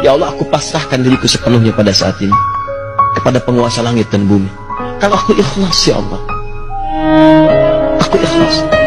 Ya Allah, aku pasrahkan diriku sepenuhnya pada saat ini kepada penguasa langit dan bumi. Kalau aku ikhlas, ya Allah, aku ikhlas.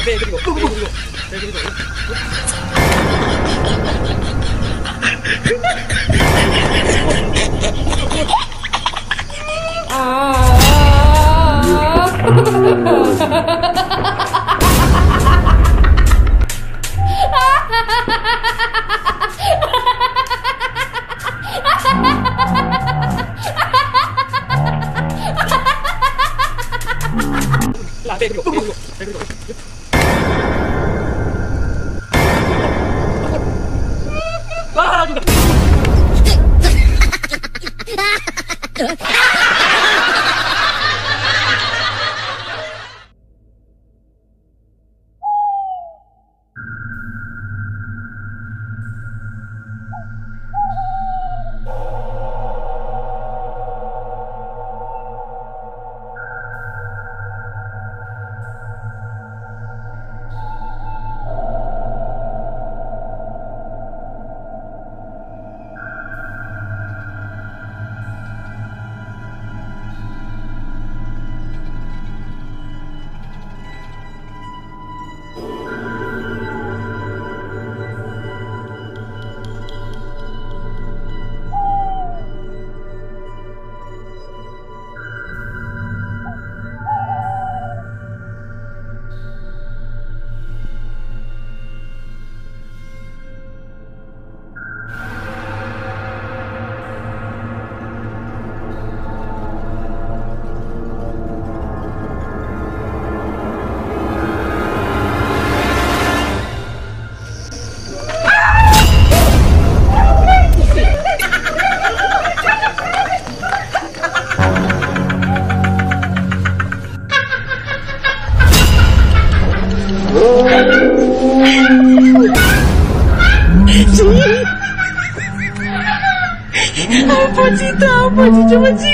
Be, ikut gua. Be, ikut gua. Be, ikut gua.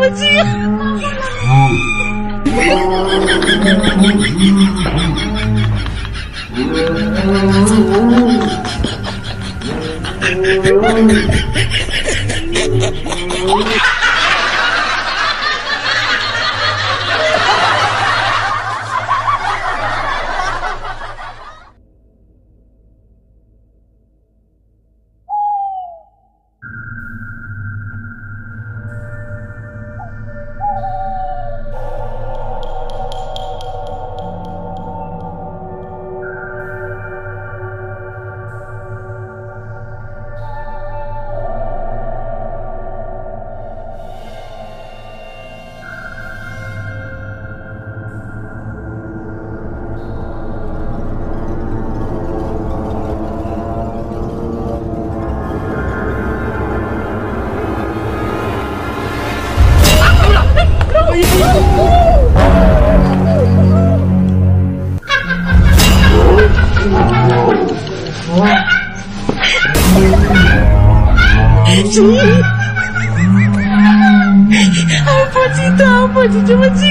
不急，妈妈。就这么急？